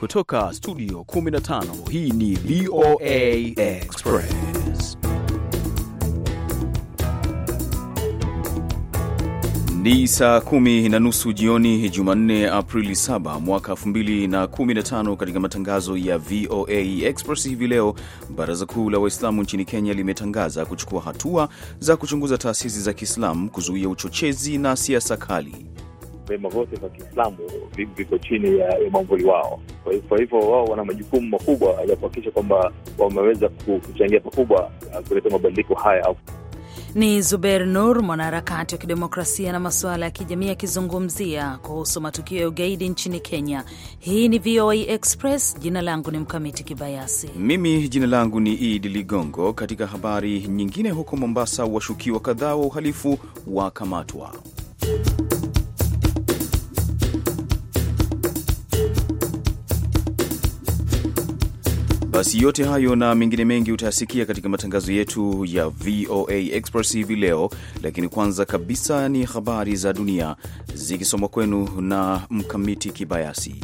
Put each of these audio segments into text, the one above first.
Kutoka studio 15 hii ni VOA Express. Ni saa kumi na nusu jioni Jumanne, Aprili 7 mwaka 2015. Katika matangazo ya VOA Express hivi leo, Baraza Kuu la Waislamu nchini Kenya limetangaza kuchukua hatua za kuchunguza taasisi za Kiislamu kuzuia uchochezi na siasa kali vyama vyote vya Kiislamu viko chini ya mwamvuli wao. Kwa hivyo wao wana majukumu makubwa ya kuhakikisha kwamba wameweza kuchangia pakubwa uh, kuleta mabadiliko haya. Ni Zuber Nur, mwanaharakati wa kidemokrasia na masuala ya kijamii, akizungumzia kuhusu matukio ya ugaidi nchini Kenya. Hii ni VOA Express. Jina langu ni Mkamiti Kibayasi. Mimi jina langu ni Idi Ligongo. Katika habari nyingine, huko Mombasa, washukiwa kadhaa wa uhalifu wakamatwa. Basi yote hayo na mengine mengi utayasikia katika matangazo yetu ya VOA Express hivi leo, lakini kwanza kabisa ni habari za dunia zikisomwa kwenu na Mkamiti Kibayasi.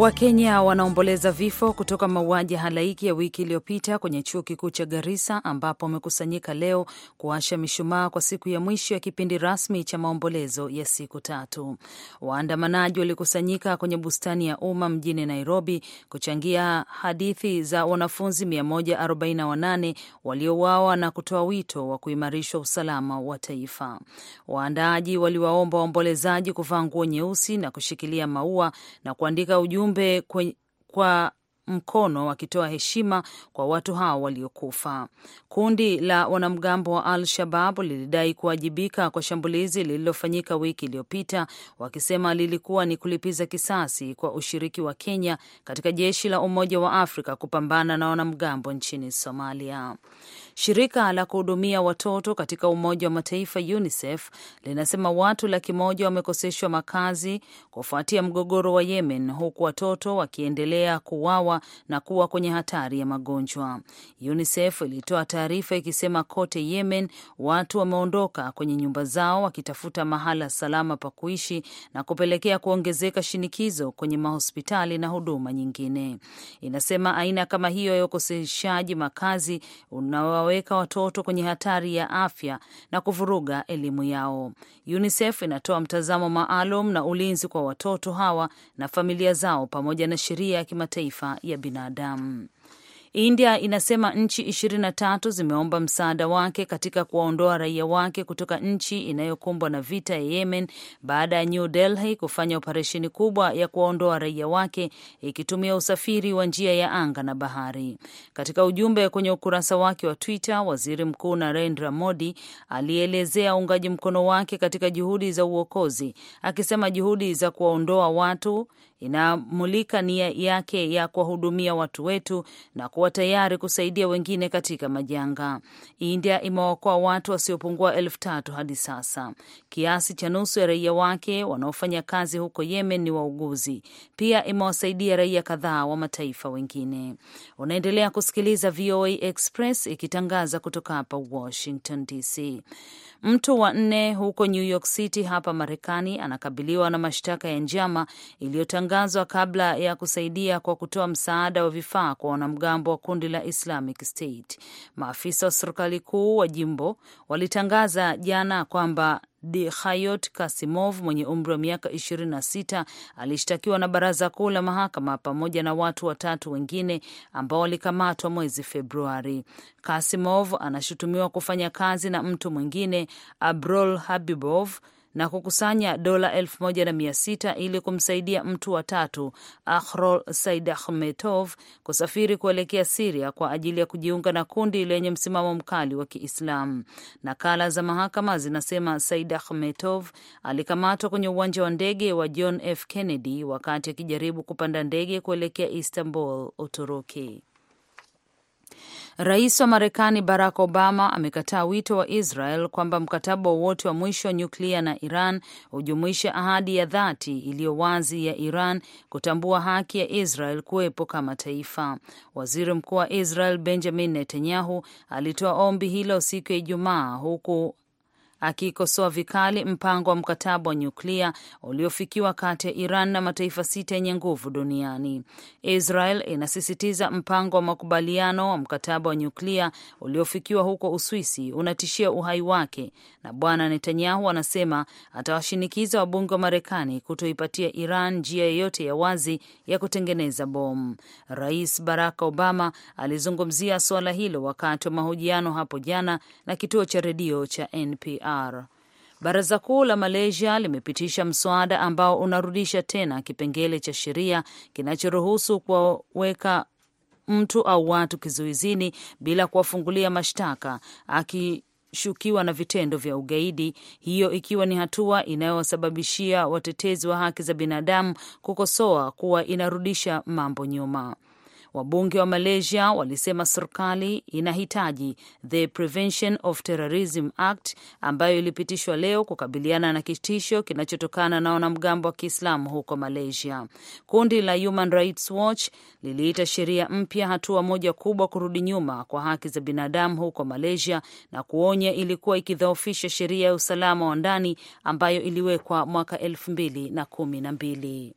Wakenya wanaomboleza vifo kutoka mauaji halaiki ya wiki iliyopita kwenye chuo kikuu cha Garissa, ambapo wamekusanyika leo kuasha mishumaa kwa siku ya mwisho ya kipindi rasmi cha maombolezo ya siku tatu. Waandamanaji walikusanyika kwenye bustani ya umma mjini Nairobi kuchangia hadithi za wanafunzi 148 waliouawa na kutoa wito wa kuimarishwa usalama wa taifa. Waandaaji waliwaomba waombolezaji kuvaa nguo nyeusi na kushikilia maua na kuandika ujumbe ujumbe kwen, kwa mkono wakitoa heshima kwa watu hao waliokufa. Kundi la wanamgambo wa Al Shabab lilidai kuwajibika kwa shambulizi lililofanyika wiki iliyopita, wakisema lilikuwa ni kulipiza kisasi kwa ushiriki wa Kenya katika jeshi la Umoja wa Afrika kupambana na wanamgambo nchini Somalia. Shirika la kuhudumia watoto katika Umoja wa Mataifa UNICEF linasema watu laki moja wamekoseshwa makazi kufuatia mgogoro wa Yemen, huku watoto wakiendelea kuwawa na kuwa kwenye hatari ya magonjwa. UNICEF ilitoa taarifa ikisema kote Yemen watu wameondoka kwenye nyumba zao wakitafuta mahala salama pa kuishi na kupelekea kuongezeka shinikizo kwenye mahospitali na huduma nyingine. Inasema aina kama hiyo ya ukoseshaji makazi unawa linawaweka watoto kwenye hatari ya afya na kuvuruga elimu yao. UNICEF inatoa mtazamo maalum na ulinzi kwa watoto hawa na familia zao pamoja na sheria ya kimataifa ya binadamu. India inasema nchi ishirini na tatu zimeomba msaada wake katika kuwaondoa raia wake kutoka nchi inayokumbwa na vita ya Yemen baada ya New Delhi kufanya operesheni kubwa ya kuwaondoa raia wake ikitumia usafiri wa njia ya anga na bahari. Katika ujumbe kwenye ukurasa wake wa Twitter, waziri mkuu Narendra Modi alielezea uungaji mkono wake katika juhudi za uokozi, akisema juhudi za kuwaondoa watu inamulika nia yake ya kuwahudumia watu wetu na kuwa tayari kusaidia wengine katika majanga. India imewaokoa watu wasiopungua elfu tatu hadi sasa. Kiasi cha nusu ya raia wake wanaofanya kazi huko Yemen ni wauguzi. Pia imewasaidia raia kadhaa wa mataifa wengine. Unaendelea kusikiliza VOA Express ikitangaza kutoka hapa Washington DC. Mtu wa nne huko New York City hapa Marekani anakabiliwa na mashtaka ya njama iliyotangazwa kabla ya kusaidia kwa kutoa msaada wa vifaa kwa wanamgambo wa kundi la Islamic State. Maafisa wa serikali kuu wa jimbo walitangaza jana kwamba Dikhayot Kasimov mwenye umri wa miaka 26 alishtakiwa na baraza kuu la mahakama pamoja na watu watatu wengine ambao walikamatwa mwezi Februari. Kasimov anashutumiwa kufanya kazi na mtu mwingine Abrol Habibov na kukusanya dola elfu moja na mia sita ili kumsaidia mtu wa tatu Ahrol Saidahmetov kusafiri kuelekea Siria kwa ajili ya kujiunga na kundi lenye msimamo mkali wa Kiislamu. Nakala za mahakama zinasema Saidahmetov alikamatwa kwenye uwanja wa ndege wa John F Kennedy wakati akijaribu kupanda ndege kuelekea Istanbul, Uturuki. Rais wa Marekani Barack Obama amekataa wito wa Israel kwamba mkataba wowote wa mwisho wa nyuklia na Iran hujumuishe ahadi ya dhati iliyo wazi ya Iran kutambua haki ya Israel kuwepo kama taifa. Waziri Mkuu wa Israel Benjamin Netanyahu alitoa ombi hilo siku ya Ijumaa huku akiikosoa vikali mpango wa mkataba wa nyuklia uliofikiwa kati ya Iran na mataifa sita yenye nguvu duniani. Israel inasisitiza mpango wa makubaliano wa mkataba wa nyuklia uliofikiwa huko Uswisi unatishia uhai wake, na Bwana Netanyahu anasema atawashinikiza wabunge wa Marekani kutoipatia Iran njia yeyote ya wazi ya kutengeneza bomu. Rais Barack Obama alizungumzia suala hilo wakati wa mahojiano hapo jana na kituo cha redio cha NPR. ICR. Baraza Kuu la Malaysia limepitisha mswada ambao unarudisha tena kipengele cha sheria kinachoruhusu kuwaweka mtu au watu kizuizini bila kuwafungulia mashtaka akishukiwa na vitendo vya ugaidi, hiyo ikiwa ni hatua inayowasababishia watetezi wa haki za binadamu kukosoa kuwa inarudisha mambo nyuma. Wabunge wa Malaysia walisema serikali inahitaji the Prevention of Terrorism Act ambayo ilipitishwa leo kukabiliana na kitisho kinachotokana na wanamgambo wa Kiislamu huko Malaysia. Kundi la Human Rights Watch liliita sheria mpya hatua moja kubwa kurudi nyuma kwa haki za binadamu huko Malaysia na kuonya ilikuwa ikidhoofisha sheria ya usalama wa ndani ambayo iliwekwa mwaka elfu mbili na kumi na mbili.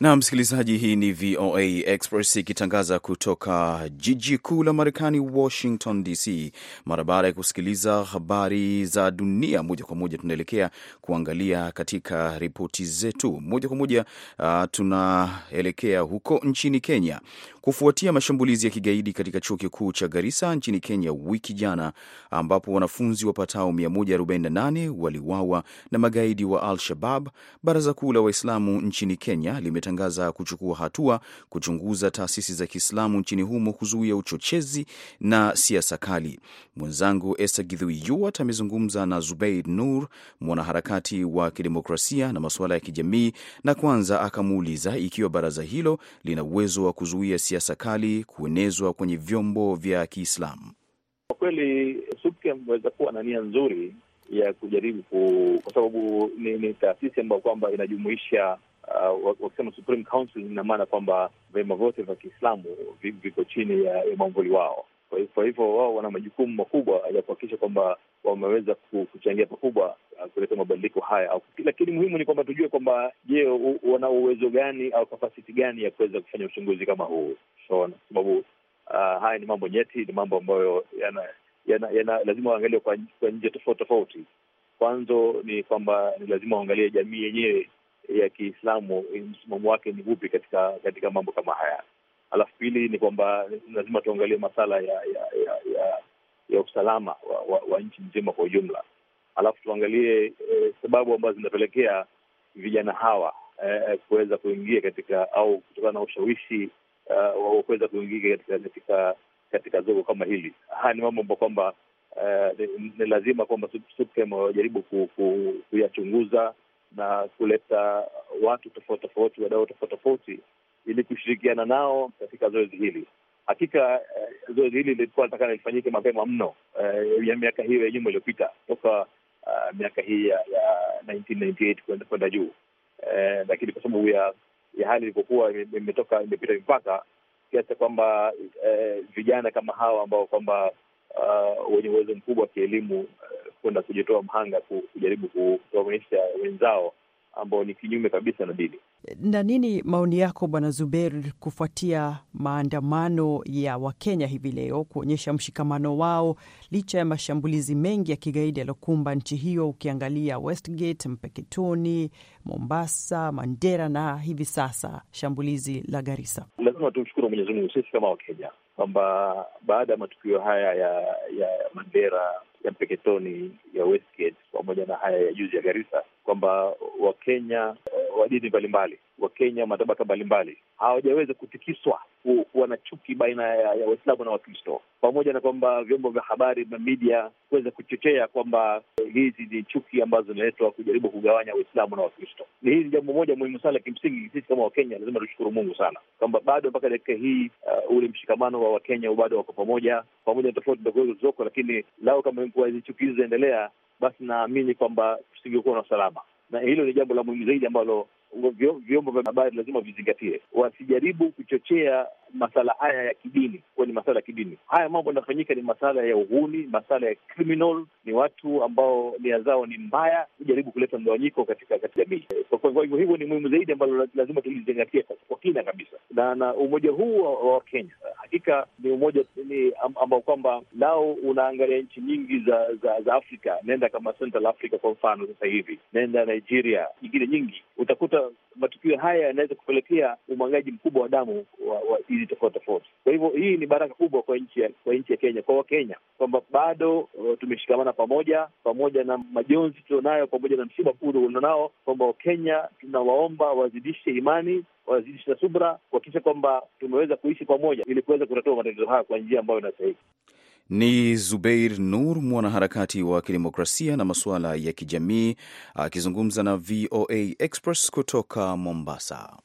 na msikilizaji, hii ni VOA Express ikitangaza kutoka jiji kuu la Marekani, Washington DC. Mara baada ya kusikiliza habari za dunia moja kwa moja, tunaelekea kuangalia katika ripoti zetu moja kwa moja. Uh, tunaelekea huko nchini Kenya kufuatia mashambulizi ya kigaidi katika chuo kikuu cha Garissa nchini Kenya wiki jana, ambapo wanafunzi wapatao 148 waliuawa na magaidi wa Al-Shabab. Baraza Kuu la Waislamu nchini Kenya limetangaza kuchukua hatua kuchunguza taasisi za Kiislamu nchini humo kuzuia uchochezi na siasa kali. Mwenzangu Esther Githui Yuat amezungumza na Zubeid Nur, mwanaharakati wa kidemokrasia na masuala ya kijamii, na kwanza akamuuliza ikiwa baraza hilo lina uwezo wa kuzuia siasa siasa kali kuenezwa kwenye vyombo vya Kiislamu. Kwa kweli, Supke ameweza kuwa na nia nzuri ya kujaribu ku, kwa sababu ni, ni taasisi ambayo kwamba inajumuisha uh, wakisema Supreme Council, ina maana kwamba vyama vyote vya Kiislamu viko chini ya, ya mwamvuli wao. Kwa hivyo wao wana majukumu makubwa ya kuhakikisha kwamba wameweza kuchangia pakubwa uh, kuleta mabadiliko haya, lakini muhimu ni kwamba tujue kwamba je, wana uwezo gani au kapasiti gani ya kuweza kufanya uchunguzi kama huu, so, sababu uh, haya ni mambo nyeti, ni mambo ambayo yana, yana, yana lazima waangalie kwa, kwa njia tofauti tofauti. Kwanzo ni kwamba ni lazima waangalie jamii yenyewe ya Kiislamu eh, msimamo wake ni upi katika katika mambo kama haya. Alafu pili ni kwamba lazima tuangalie masala ya ya, ya, ya ya usalama wa, wa, wa nchi nzima kwa ujumla. Alafu tuangalie eh, sababu ambazo zinapelekea vijana hawa eh, kuweza kuingia katika au kutokana na ushawishi uh, wa kuweza kuingia katika katika katika zogo kama hili. Haya ni mambo ambayo kwamba uh, ni, ni lazima kwamba SUPKEM wajaribu ku, ku, kuyachunguza na kuleta watu tofauti tofauti, wadau tofauti tofauti, ili kushirikiana nao katika zoezi hili. Hakika uh, zoezi hili lilikuwa nataka lifanyike mapema mno uh, ya miaka hiyo ya nyuma iliyopita toka uh, miaka hii ya, ya 1998 kwenda juu uh, lakini kwa sababu ya, ya hali ilivyokuwa imetoka imepita mipaka kiasi cha kwamba uh, vijana kama hawa ambao kwamba uh, wenye uwezo mkubwa wa kielimu uh, kwenda kujitoa mhanga kujaribu kuwaonyesha wenzao ambao ni kinyume kabisa na dini. Na nini maoni yako Bwana Zuber, kufuatia maandamano ya Wakenya hivi leo kuonyesha mshikamano wao licha ya mashambulizi mengi ya kigaidi yaliokumba nchi hiyo, ukiangalia Westgate, Mpeketoni, Mombasa, Mandera na hivi sasa shambulizi la Garissa? Lazima tumshukuru Mwenyezi Mungu sisi kama Wakenya kwamba baada ya matukio haya ya ya Mandera, ya Mpeketoni, ya Westgate pamoja na haya ya juzi ya Garissa kwamba Wakenya wa dini mbalimbali, Wakenya wa matabaka mbalimbali hawajaweza kutikiswa kuwa na chuki baina ya Waislamu na Wakristo, pamoja na kwamba vyombo vya habari na media kuweza kuchochea kwamba hizi ni chuki ambazo zinaletwa kujaribu kugawanya Waislamu na Wakristo. Ni hili jambo moja muhimu sana. Kimsingi sisi kama Wakenya lazima tushukuru Mungu sana kwamba bado mpaka dakika hii uh, ule mshikamano wa Wakenya bado wako pamoja, pamoja na tofauti ndogo zilizoko, lakini lao kama hizi chuki hizi zinaendelea basi naamini kwamba tusingekuwa na usalama, na hilo ni jambo la muhimu zaidi ambalo vyombo vya habari lazima vizingatie, wasijaribu kuchochea masala haya ya kidini kuwa ni masala ya kidini. Haya mambo yanafanyika ni masala ya uhuni, masala ya criminal, ni watu ambao nia zao ni mbaya, kujaribu kuleta mgawanyiko katika jamii. Kwa hivyo hivyo ni muhimu zaidi ambalo lazima tulizingatia kwa kina kabisa na na umoja huu wa Wakenya hakika ni umoja ni ambao kwamba lao unaangalia nchi nyingi za, za za Afrika. Nenda kama Central Africa kwa mfano, sasa hivi nenda Nigeria, nyingine nyingi utakuta matukio haya yanaweza kupelekea umwagaji mkubwa wa damu wa hizi tofauti tofauti. Kwa hivyo hii ni baraka kubwa kwa nchi ya kwa nchi ya Kenya, kwa Wakenya kwamba bado uh, tumeshikamana pamoja, pamoja na majonzi tulionayo, pamoja na msiba kuu ulionao, kwamba Wakenya tunawaomba wazidishe imani wazidisha subra kuhakikisha kwamba tumeweza kuishi pamoja ili kuweza kutatua matatizo haya kwa njia ambayo inastahili. Ni Zubeir Nur, mwanaharakati wa kidemokrasia na masuala ya kijamii, akizungumza na VOA Express kutoka Mombasa.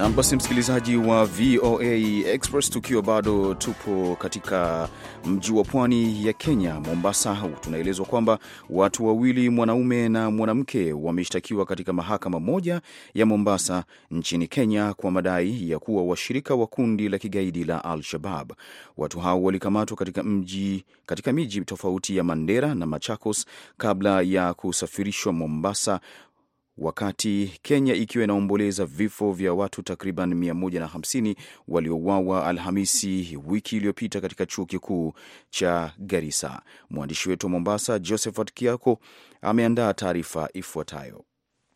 Nam basi, msikilizaji wa VOA Express, tukiwa bado tupo katika mji wa pwani ya Kenya, Mombasa, tunaelezwa kwamba watu wawili, mwanaume na mwanamke, wameshtakiwa katika mahakama moja ya Mombasa nchini Kenya kwa madai ya kuwa washirika wa kundi la kigaidi la Al-Shabab. Watu hao walikamatwa katika mji, katika miji tofauti ya Mandera na Machakos kabla ya kusafirishwa Mombasa wakati Kenya ikiwa inaomboleza vifo vya watu takriban 150 waliouawa Alhamisi wiki iliyopita katika chuo kikuu cha Garissa. Mwandishi wetu wa Mombasa, Josephat Kiako, ameandaa taarifa ifuatayo.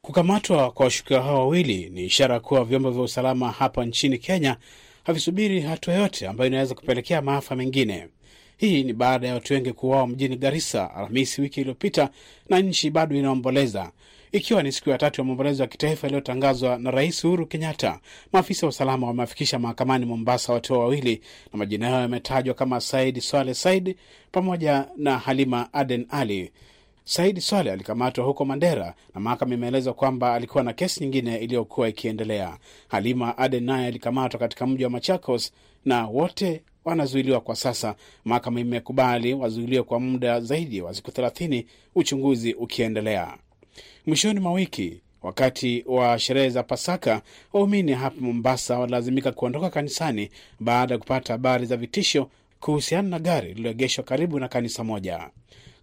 Kukamatwa kwa washukiwa hao wawili ni ishara kuwa vyombo vya usalama hapa nchini Kenya havisubiri hatua yoyote ambayo inaweza kupelekea maafa mengine. Hii ni baada ya watu wengi kuuawa mjini Garissa Alhamisi wiki iliyopita, na nchi bado inaomboleza ikiwa ni siku ya tatu ya maombolezo ya kitaifa iliyotangazwa na Rais Uhuru Kenyatta. Maafisa wa usalama wamewafikisha mahakamani Mombasa watu wawili na majina yao yametajwa kama Said Swale Said pamoja na Halima Aden Ali. Said Swale alikamatwa huko Mandera na mahakama imeeleza kwamba alikuwa na kesi nyingine iliyokuwa ikiendelea. Halima Aden naye alikamatwa katika mji wa Machakos na wote wanazuiliwa kwa sasa. Mahakama imekubali wazuiliwe kwa muda zaidi wa siku thelathini, uchunguzi ukiendelea. Mwishoni mwa wiki wakati wa sherehe za Pasaka, waumini hapa Mombasa walilazimika kuondoka kanisani baada ya kupata habari za vitisho kuhusiana na gari lililoegeshwa karibu na kanisa moja.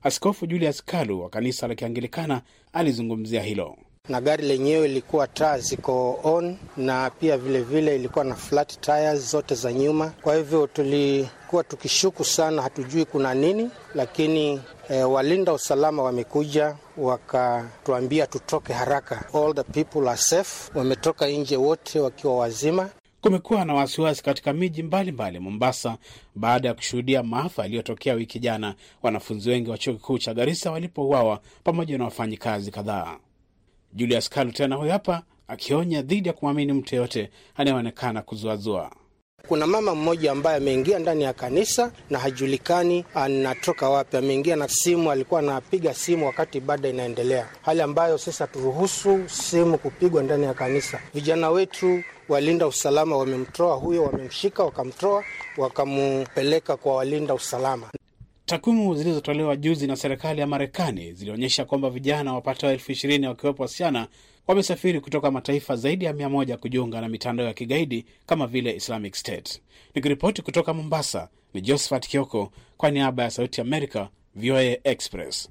Askofu Julius Kalu wa kanisa la Kiangilikana alizungumzia hilo. Na gari lenyewe ilikuwa taa ziko on na pia vilevile vile ilikuwa na flat tires zote za nyuma, kwa hivyo tulikuwa tukishuku sana, hatujui kuna nini, lakini E, walinda usalama wamekuja wakatuambia tutoke haraka. All the people are safe. Wametoka nje wote wakiwa wazima. Kumekuwa na wasiwasi katika miji mbalimbali Mombasa baada ya kushuhudia maafa yaliyotokea wiki jana, wanafunzi wengi wa chuo kikuu cha Garissa walipouawa pamoja na wafanyikazi kadhaa. Julius Kalu tena huyu hapa akionya dhidi ya kumwamini mtu yeyote anayeonekana kuzuazua. Kuna mama mmoja ambaye ameingia ndani ya kanisa na hajulikani anatoka wapi. Ameingia na simu, alikuwa anapiga simu wakati ibada inaendelea, hali ambayo sasa turuhusu simu kupigwa ndani ya kanisa. Vijana wetu walinda usalama wamemtoa huyo, wamemshika, wakamtoa, wakampeleka kwa walinda usalama. Takwimu zilizotolewa juzi na serikali ya Marekani zilionyesha kwamba vijana wapatao elfu ishirini wakiwepo wasichana wamesafiri kutoka mataifa zaidi ya 1 kujiunga na mitandao ya kigaidi kama vile Islamic State. Nikiripoti kutoka Mombasa ni Josephat Kioko kwa niaba ya Sauti Amerika, VOA Express.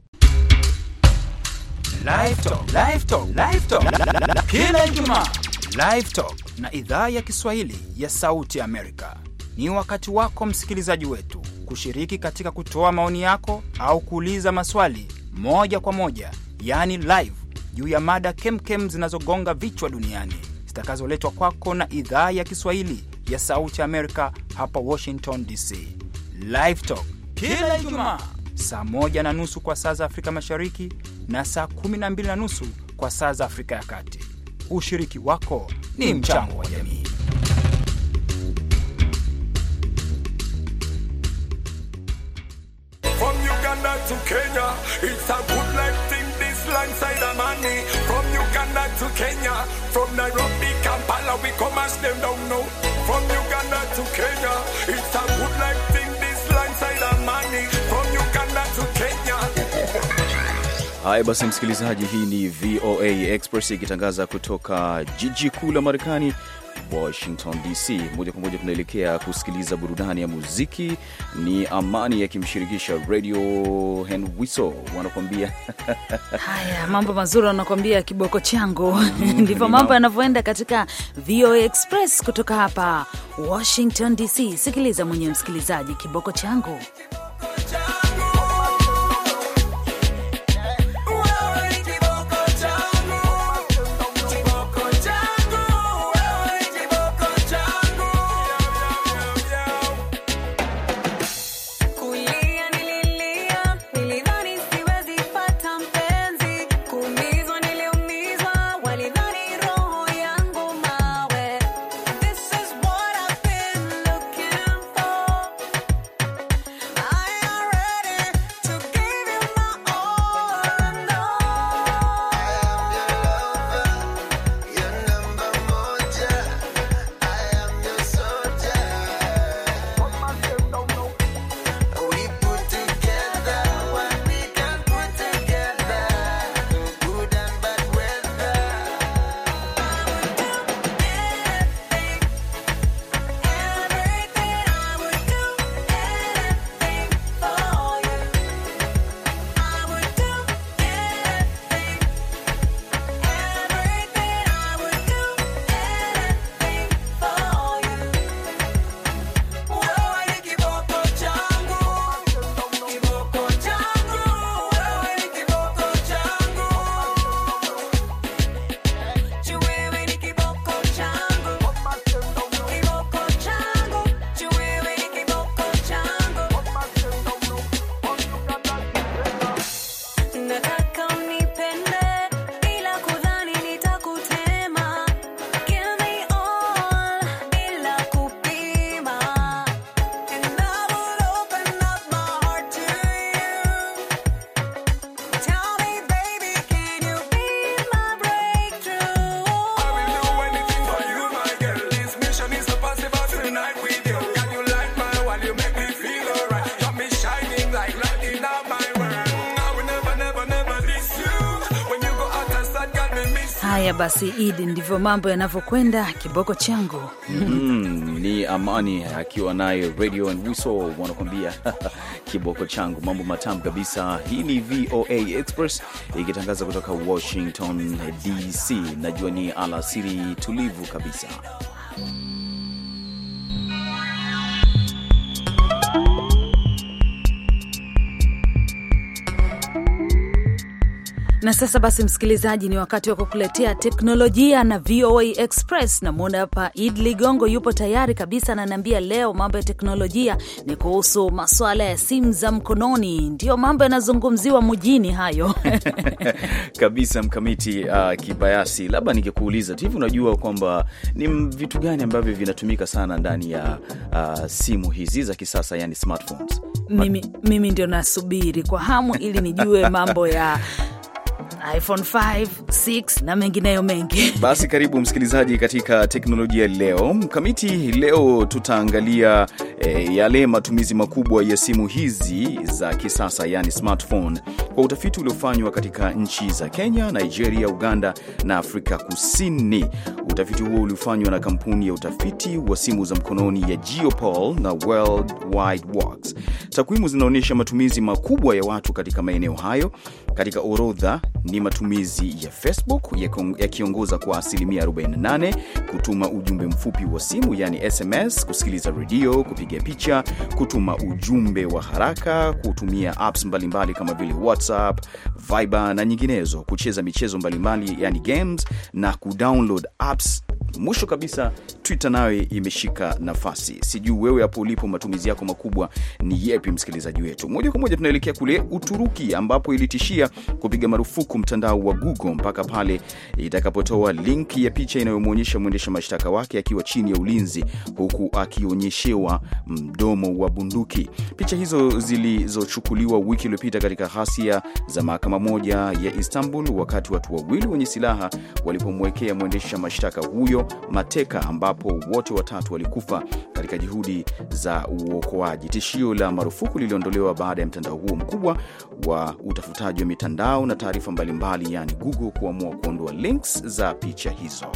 Kila Ijumaa Live na idhaa ya Kiswahili ya Sauti Amerika ni wakati wako msikilizaji wetu kushiriki katika kutoa maoni yako au kuuliza maswali moja kwa moja, yani live juu ya mada kemkem zinazogonga vichwa duniani zitakazoletwa kwako na idhaa ya Kiswahili ya Sauti Amerika hapa Washington DC. Live Talk kila Ijumaa saa moja na nusu kwa saa za Afrika Mashariki na saa kumi na mbili na nusu kwa saa za Afrika ya Kati. Ushiriki wako ni mchango wa jamii. From Uganda to Kenya, it's a good From Nairobi, Kampala, we come as them down now. From Uganda to Kenya, it's a good life thing. This land side of money. From Uganda to Kenya. Haya basi, msikilizaji, hii ni VOA Express ikitangaza kutoka jiji kuu la Marekani Washington DC. Moja kwa moja tunaelekea kusikiliza burudani ya muziki. Ni Amani yakimshirikisha Radio Henwiso wanakuambia haya mambo mazuri, wanakuambia kiboko changu. Mm, Ndivyo mambo yanavyoenda katika VOA Express kutoka hapa Washington DC. Sikiliza mwenyewe msikilizaji, kiboko changu basi Idi, ndivyo mambo yanavyokwenda. Kiboko changu mm, ni Amani akiwa naye Radio and wiso wanakuambia kiboko changu, mambo matamu kabisa. Hii ni VOA Express ikitangaza kutoka Washington DC. Najua ni alasiri tulivu kabisa. Na sasa basi, msikilizaji, ni wakati wa kukuletea teknolojia na VOA Express. Namwona hapa Id Ligongo yupo tayari kabisa, ananiambia leo mambo ya teknolojia ni kuhusu maswala ya simu za mkononi, ndio mambo yanazungumziwa mjini hayo kabisa. Mkamiti uh, kibayasi, labda ningekuuliza tu hivi, unajua kwamba ni vitu gani ambavyo vinatumika sana ndani ya uh, simu hizi za kisasa, yani smartphones? Mimi, mimi ndio nasubiri kwa hamu ili nijue mambo ya iPhone 5, 6 na mengineyo mengi. Basi karibu msikilizaji katika teknolojia leo. Mkamiti, leo tutaangalia e, yale matumizi makubwa ya simu hizi za kisasa, yani smartphone, kwa utafiti uliofanywa katika nchi za Kenya, Nigeria, Uganda na Afrika Kusini. Utafiti huo uliofanywa na kampuni ya utafiti wa simu za mkononi ya Geopoll na World Wide Works. Takwimu zinaonyesha matumizi makubwa ya watu katika maeneo hayo. Katika orodha ni kwenye matumizi ya Facebook yakiongoza kwa asilimia 48, kutuma ujumbe mfupi wa simu yani SMS, kusikiliza redio, kupiga picha, kutuma ujumbe wa haraka, kutumia apps mbalimbali kama vile WhatsApp, Viber na nyinginezo, kucheza michezo mbalimbali mbali, yani games na kudownload apps Mwisho kabisa Twitter nayo imeshika nafasi. Sijui wewe hapo ulipo, matumizi yako makubwa ni yepi, msikilizaji wetu? Moja kwa moja tunaelekea kule Uturuki ambapo ilitishia kupiga marufuku mtandao wa Google mpaka pale itakapotoa link ya picha inayomwonyesha mwendesha mashtaka wake akiwa chini ya ulinzi huku akionyeshewa mdomo wa bunduki. Picha hizo zilizochukuliwa wiki iliyopita katika ghasia za mahakama moja ya Istanbul, wakati watu wawili wenye silaha walipomwekea mwendesha mashtaka huyo mateka, ambapo wote watatu walikufa katika juhudi za uokoaji. Tishio la marufuku liliondolewa baada ya mtandao huo mkubwa wa utafutaji wa mitandao na taarifa mbalimbali mbalimbali, yani Google kuamua kuondoa links za picha hizo.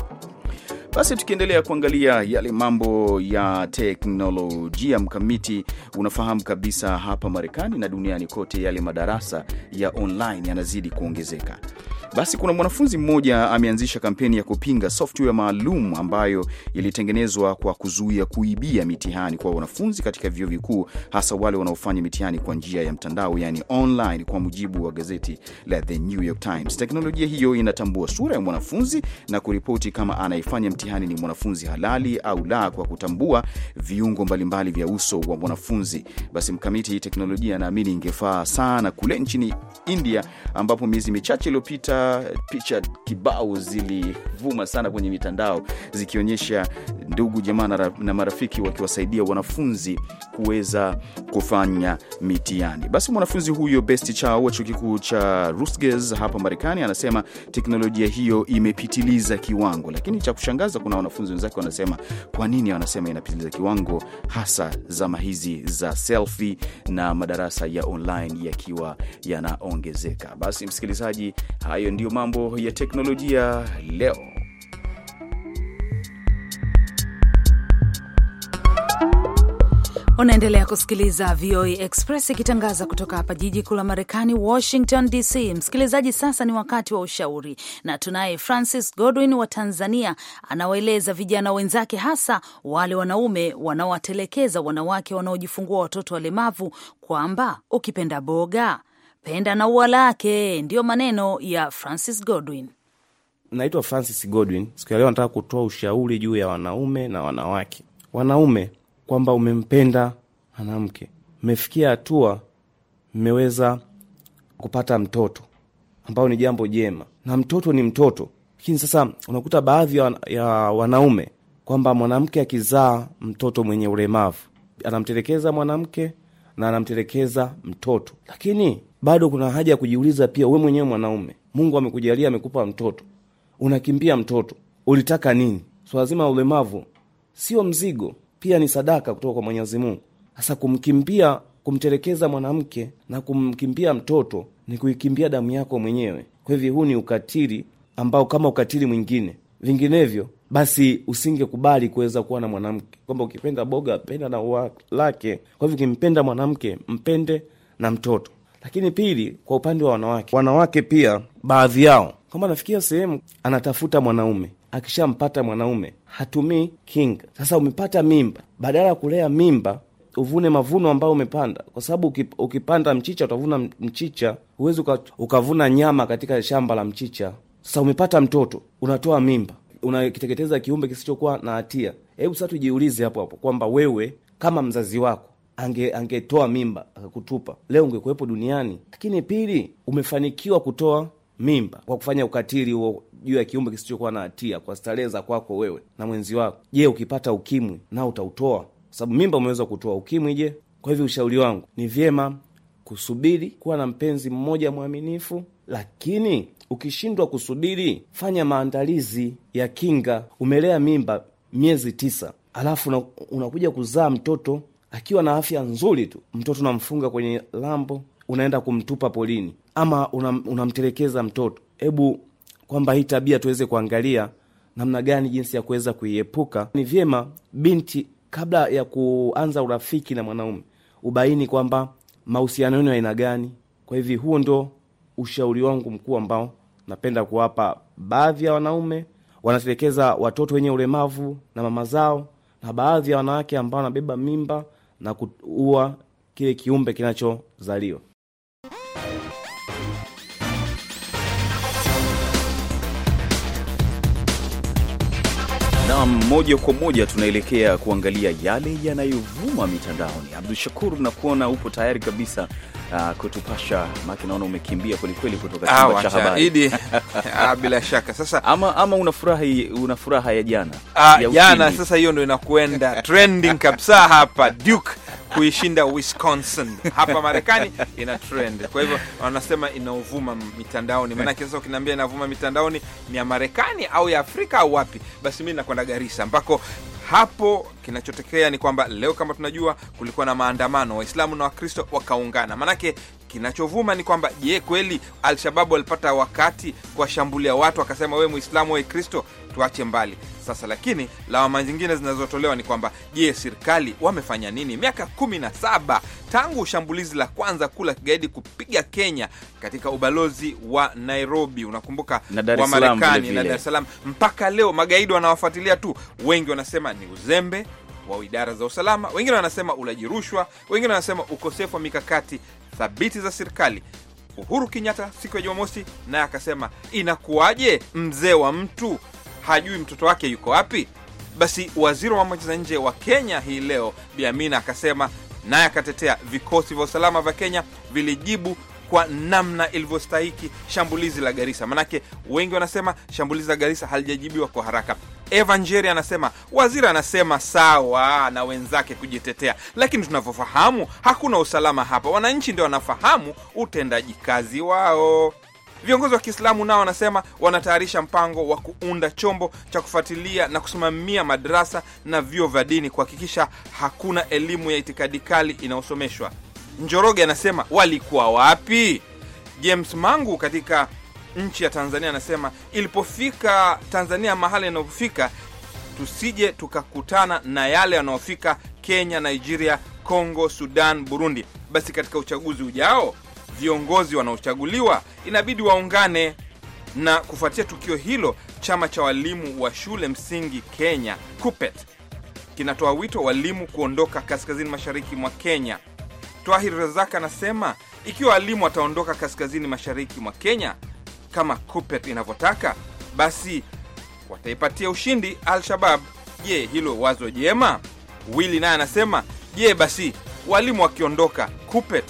Basi tukiendelea kuangalia yale mambo ya teknolojia, mkamiti, unafahamu kabisa hapa Marekani na duniani kote yale madarasa ya online yanazidi kuongezeka. Basi kuna mwanafunzi mmoja ameanzisha kampeni ya kupinga software maalum ambayo ilitengenezwa kwa kuzuia kuibia mitihani kwa wanafunzi katika vyuo vikuu, hasa wale wanaofanya mitihani kwa njia ya mtandao, yani online, kwa mujibu wa gazeti la The New York Times. Teknolojia hiyo inatambua sura ya mwanafunzi na kuripoti kama anayefanya mtihani ni mwanafunzi halali au la, kwa kutambua viungo mbalimbali vya uso wa mwanafunzi. Basi mkamiti, hii teknolojia naamini ingefaa sana kule nchini India, ambapo miezi michache iliyopita picha kibao zilivuma sana kwenye mitandao zikionyesha ndugu jamaa na marafiki wakiwasaidia wanafunzi kuweza kufanya mitihani. Basi mwanafunzi huyo Best Chao wa chuo kikuu cha Rutgers hapa Marekani anasema teknolojia hiyo imepitiliza kiwango, lakini cha kushangaza, kuna wanafunzi wenzake wanasema kwa nini wanasema inapitiliza kiwango, hasa zama hizi za selfie na madarasa ya online yakiwa yanaongezeka. Basi msikilizaji, hayo ndiyo mambo ya teknolojia leo. Unaendelea kusikiliza VOA e Express ikitangaza kutoka hapa jiji kuu la Marekani, Washington DC. Msikilizaji, sasa ni wakati wa ushauri, na tunaye Francis Godwin wa Tanzania, anawaeleza vijana wenzake, hasa wale wanaume wanaowatelekeza wanawake wanaojifungua watoto walemavu, kwamba ukipenda boga penda na ua lake, ndiyo maneno ya Francis Godwin. Naitwa Francis Godwin. Siku ya leo nataka kutoa ushauri juu ya wanaume na wanawake. Wanaume, kwamba umempenda mwanamke, mmefikia hatua mmeweza kupata mtoto ambao ni jambo jema, na mtoto ni mtoto. Lakini sasa unakuta baadhi ya wanaume kwamba mwanamke akizaa mtoto mwenye ulemavu anamtelekeza mwanamke na anamtelekeza mtoto, lakini bado kuna haja ya kujiuliza pia, we mwenyewe mwanaume, Mungu amekujalia amekupa mtoto, unakimbia mtoto, ulitaka nini? swalazima so ulemavu sio mzigo, pia ni sadaka kutoka kwa Mwenyezi Mungu. Sasa kumkimbia, kumtelekeza mwanamke na kumkimbia mtoto ni kuikimbia damu yako mwenyewe. Kwa hivyo huu ni ukatili ambao kama ukatili mwingine, vinginevyo basi usingekubali kuweza kuwa na mwanamke, kwamba ukipenda boga penda na ua lake. Kwa hivyo ukimpenda mwanamke mpende na mtoto. Lakini pili, kwa upande wa wanawake, wanawake pia baadhi yao kwamba nafikia sehemu anatafuta mwanaume, akishampata mwanaume hatumii kinga. Sasa umepata mimba, badala ya kulea mimba uvune mavuno ambayo umepanda, kwa sababu ukipanda mchicha utavuna mchicha, huwezi ukavuna nyama katika shamba la mchicha. Sasa umepata mtoto, unatoa mimba, unakiteketeza kiumbe kisichokuwa na hatia. Hebu sasa tujiulize hapo hapo kwamba wewe kama mzazi wako ange angetoa mimba akakutupa leo ungekuwepo duniani. Lakini pili, umefanikiwa kutoa mimba kwa kufanya ukatili huo juu ya kiumbe kisichokuwa na hatia kwa starehe za kwako wewe na mwenzi wako. Je, ukipata ukimwi na utautoa? Kwa sababu mimba umeweza kutoa, ukimwi je? Kwa hivyo ushauri wangu ni vyema kusubiri kuwa na mpenzi mmoja mwaminifu, lakini ukishindwa kusubiri, fanya maandalizi ya kinga. Umelea mimba miezi tisa, alafu unakuja kuzaa mtoto akiwa na afya nzuri tu, mtoto unamfunga kwenye lambo, unaenda kumtupa polini ama unamtelekeza una mtoto. Hebu kwamba hii tabia tuweze kuangalia namna gani, jinsi ya kuweza kuiepuka. Ni vyema binti, kabla ya kuanza urafiki na mwanaume, ubaini kwamba mahusiano yenu aina gani. Kwa hivi, huo ndo ushauri wangu mkuu ambao napenda kuwapa baadhi ya wanaume wanatelekeza watoto wenye ulemavu na mama zao, na baadhi ya wanawake ambao wanabeba mimba na kuua kile kiumbe kinachozaliwa. moja kwa moja tunaelekea kuangalia yale yanayovuma mitandaoni. Abdu Shakur, na kuona upo tayari kabisa uh, kutupasha maki. Naona umekimbia kwelikweli kutoka chumba cha habari ah, bila shaka sasa, ama, ama una furaha ya jana ah, ya jana. Sasa hiyo ndo inakwenda trending kabisa hapa Duke kuishinda Wisconsin hapa Marekani ina trend. Kwa hivyo wanasema inaovuma mitandaoni, maanake sasa ukiniambia inavuma mitandaoni ni ya Marekani au ya Afrika au wapi, basi mi nakwenda Garissa ambako hapo Kinachotokea ni kwamba leo, kama tunajua, kulikuwa na maandamano, Waislamu na Wakristo wakaungana. manake kinachovuma ni kwamba je, kweli Alshababu walipata wakati kuwashambulia watu wakasema, wewe Muislamu, we Kristo, tuache mbali sasa. Lakini lawama zingine zinazotolewa ni kwamba je, serikali wamefanya nini? Miaka kumi na saba tangu shambulizi la kwanza kula kigaidi kupiga Kenya katika ubalozi wa Nairobi, unakumbuka, wa Marekani na dares salam mpaka leo magaidi wanawafuatilia tu. Wengi wanasema ni uzembe, wa idara za usalama, wengine wanasema ulaji rushwa, wengine wanasema ukosefu wa mikakati thabiti za serikali. Uhuru Kenyatta siku ya Jumamosi naye akasema inakuwaje, mzee wa mtu hajui mtoto wake yuko wapi? Basi waziri wa mambo za nje wa Kenya hii leo biamin akasema naye akatetea vikosi vya usalama vya Kenya vilijibu kwa namna ilivyostahiki shambulizi la Garissa. Manake wengi wanasema shambulizi la Garissa halijajibiwa kwa haraka. Evangelia anasema waziri anasema sawa na wenzake kujitetea, lakini tunavyofahamu hakuna usalama hapa. Wananchi ndio wanafahamu utendaji kazi wao. Viongozi wa Kiislamu nao wanasema wanatayarisha mpango wa kuunda chombo cha kufuatilia na kusimamia madarasa na vyuo vya dini kuhakikisha hakuna elimu ya itikadi kali inayosomeshwa. Njoroge anasema walikuwa wapi? James Mangu katika nchi ya Tanzania, anasema ilipofika Tanzania mahali inapofika, tusije tukakutana na yale yanayofika Kenya, Nigeria, congo Sudan, Burundi. Basi katika uchaguzi ujao viongozi wanaochaguliwa inabidi waungane. Na kufuatia tukio hilo, chama cha walimu wa shule msingi Kenya KUPET, kinatoa wito walimu kuondoka kaskazini mashariki mwa Kenya. Twahir Razak anasema ikiwa walimu wataondoka kaskazini mashariki mwa Kenya, kama Kupet inavyotaka, basi wataipatia ushindi Al-Shabab. Je, hilo wazo jema? Wili naye anasema je, basi walimu wakiondoka Kupet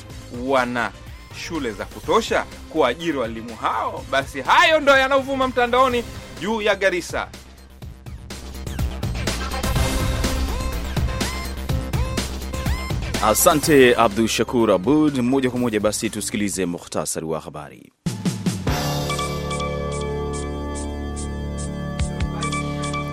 wana shule za kutosha kuajiri walimu hao? Basi hayo ndo yanayovuma mtandaoni juu ya garisa Asante Abdu Shakur Abud. Moja kwa moja basi tusikilize muhtasari wa habari.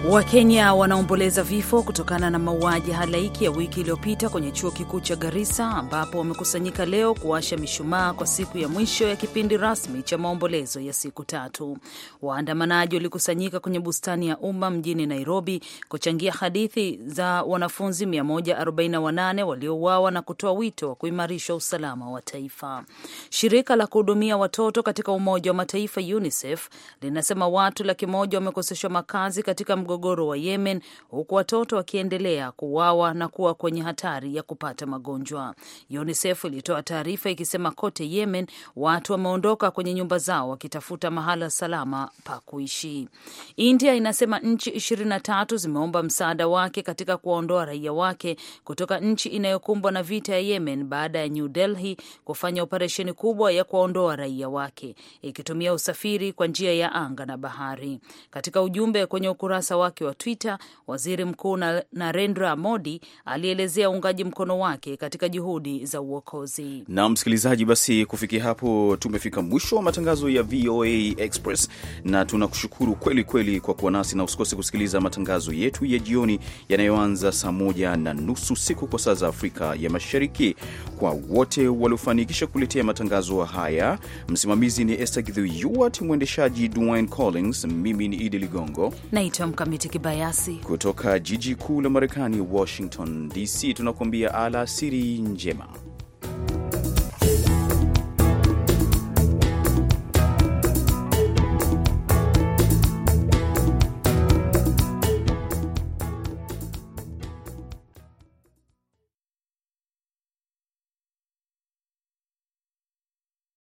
Wakenya wanaomboleza vifo kutokana na mauaji halaiki ya wiki iliyopita kwenye chuo kikuu cha Garissa, ambapo wamekusanyika leo kuwasha mishumaa kwa siku ya mwisho ya kipindi rasmi cha maombolezo ya siku tatu. Waandamanaji walikusanyika kwenye bustani ya umma mjini Nairobi kuchangia hadithi za wanafunzi 148 waliouawa na kutoa wito wa kuimarisha usalama wa taifa. Shirika la kuhudumia watoto katika Umoja wa Mataifa UNICEF linasema watu laki moja wamekoseshwa makazi katika mgogoro wa Yemen, huku watoto wakiendelea kuuawa na kuwa kwenye hatari ya kupata magonjwa. UNICEF ilitoa taarifa ikisema kote Yemen watu wameondoka kwenye nyumba zao wakitafuta mahala salama pa kuishi. India inasema nchi 23 zimeomba msaada wake katika kuwaondoa raia wake kutoka nchi inayokumbwa na vita ya Yemen baada ya New Delhi kufanya operesheni kubwa ya kuwaondoa raia wake ikitumia usafiri kwa njia ya anga na bahari. Katika ujumbe kwenye ukurasa wake wa Twitter, waziri mkuu Narendra Modi alielezea uungaji mkono wake katika juhudi za uokozi. Na msikilizaji, basi kufikia hapo tumefika mwisho wa matangazo ya VOA Express, na tunakushukuru kweli kweli kwa kuwa nasi, na usikose kusikiliza matangazo yetu ya jioni yanayoanza saa moja na nusu siku kwa saa za Afrika ya Mashariki. Kwa wote waliofanikisha kuletea matangazo haya, msimamizi ni Esther Githu mwendeshaji Dwayne Collins, mimi ni Idi Ligongo naitwa Mkamiti Kibayasi kutoka jiji kuu la Marekani, Washington DC. Tunakuambia alasiri njema.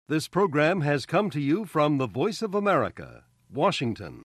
This program has come to you from the Voice of America, Washington.